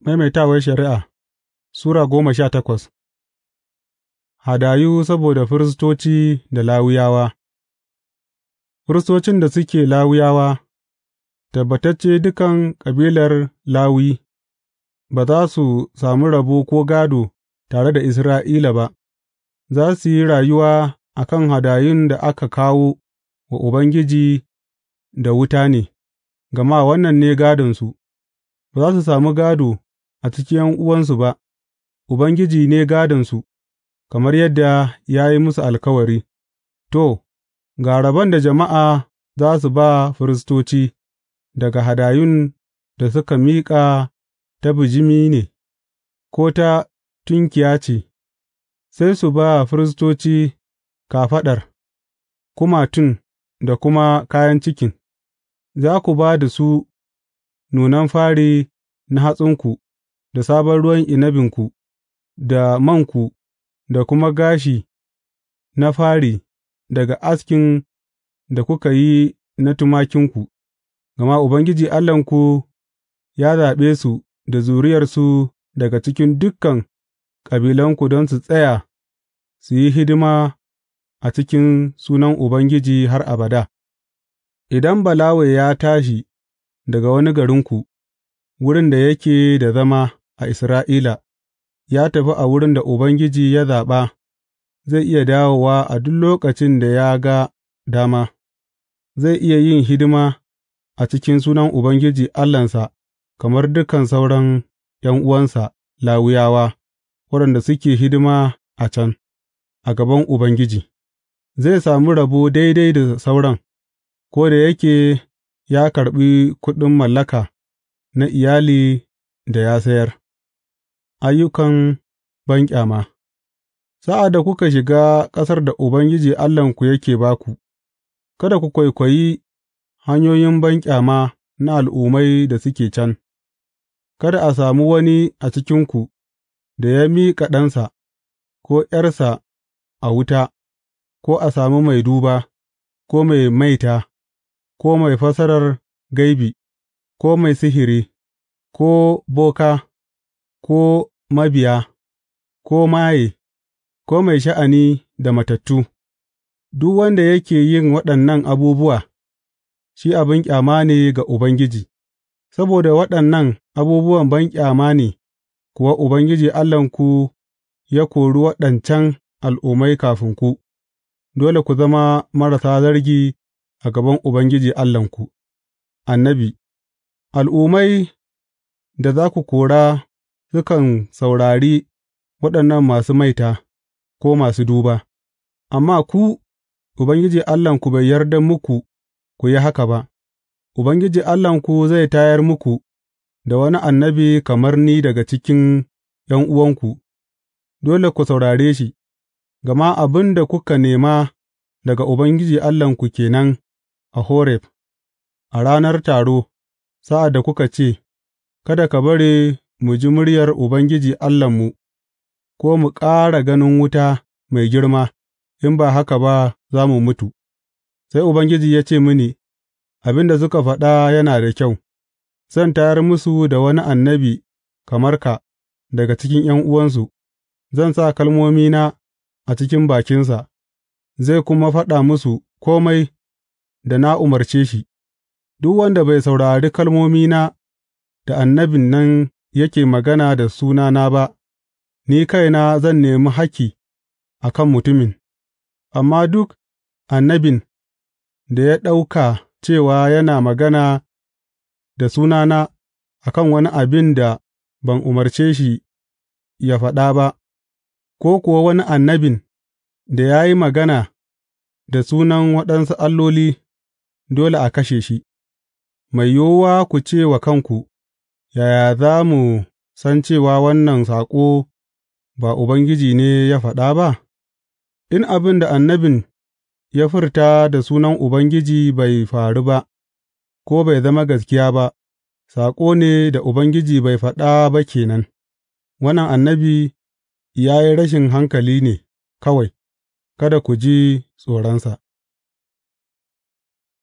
Maimaitawar Shari'a Sura goma sha takwas Hadayu saboda firistoci da lawuyawa. Firistocin da suke lawuyawa. tabbatacce dukan kabilar Lawi, ba za su sami rabo ko gado tare da Isra'ila ba, za su yi rayuwa a kan hadayun da aka kawo wa Ubangiji da wuta ne, gama wannan ne su. ba za su sami gado a cikin ’yan'uwansu ba, Ubangiji ne gādonsu, kamar yadda ya yi musu alkawari, to, ga rabon da jama'a za su ba firistoci daga hadayun da suka miƙa ta bijimi ne, ko ta tunkiya ce, sai su ba firistoci kafaɗar, kumatun da kuma kayan cikin, za ku ba da su nunan fari na hatsinku da sabon ruwan inabinku, da manku, da kuma gashi na fari daga askin da kuka yi na tumakinku, gama Ubangiji Allahnku ya zaɓe su da zuriyarsu daga cikin dukan kabilanku don su tsaya su yi hidima a cikin sunan Ubangiji har abada, idan Balawe ya tashi daga wani garinku, wurin da yake da zama. a Isra'ila, ya tafi a wurin da Ubangiji ya zaɓa, zai iya dawowa a duk lokacin da ya ga dama, zai iya yin hidima a cikin sunan Ubangiji Allahnsa kamar dukan sauran ’yan'uwansa lawuyawa, waɗanda suke hidima a can, a gaban Ubangiji, zai sami rabo daidai da sauran, ko da yake ya karɓi kuɗin mallaka na iyali da ya sayar. ayyukan banƙyama Sa'ad da kuka shiga ƙasar da Ubangiji Allahnku yake ba ku, kada ku kwaikwayi hanyoyin banƙyama na al'ummai da suke can, kada a sami wani a cikinku da ya miƙa ɗansa, ko ’yarsa a wuta, ko a sami mai duba, ko mai maita, ko mai fasarar gaibi, ko mai sihiri, ko boka, ko mabiya, ko maye, ko mai sha'ani da matattu, duk wanda yake yin waɗannan abubuwa, shi abin ƙyama ne ga Ubangiji, saboda waɗannan abubuwan banƙyama ne kuwa Ubangiji Allahnku ya kori waɗancan al'ummai kafin ku, dole ku zama marasa zargi a gaban Ubangiji Allahnku. Annabi Al'ummai da za ku kora sukan saurari waɗannan masu maita, ko masu duba, amma ku, Ubangiji Allahnku bai yarda muku ku yi haka ba, Ubangiji Allahnku zai tayar muku da wani annabi kamar ni daga cikin 'yan uwanku. dole ku saurare shi, gama abin da kuka nema daga Ubangiji Allahnku kenan a Horeb, a ranar taro, sa'ad da kuka ce, Kada ka bari mu ji muryar Ubangiji Allahnmu, ko mu ƙara ganin wuta mai girma, in ba haka ba za mu mutu. Sai Ubangiji ya ce mini, Abin da suka faɗa yana da kyau, zan tayar musu da wani annabi kamar ka daga cikin uwansu. zan sa kalmomina a cikin bakinsa, zai kuma faɗa musu komai da na umarce shi, duk wanda bai saurari kalmomina da annabin nan yake magana da sunana ba, ni kaina zan nemi hakki a kan mutumin, amma duk annabin da ya ɗauka cewa yana magana da sunana a kan wani abin da ban umarce shi ya faɗa ba, ko kuwa wani annabin da ya yi magana da sunan waɗansu alloli, dole a kashe shi, mai yiwuwa ku ce wa kanku. yaya za mu san cewa wannan saƙo ba Ubangiji ne ya faɗa ba, in abin da annabin ya furta da sunan Ubangiji bai faru ba, ko bai zama gaskiya ba, saƙo ne da Ubangiji bai faɗa ba kenan, wannan annabi ya yi rashin hankali ne kawai, kada ku ji tsoronsa.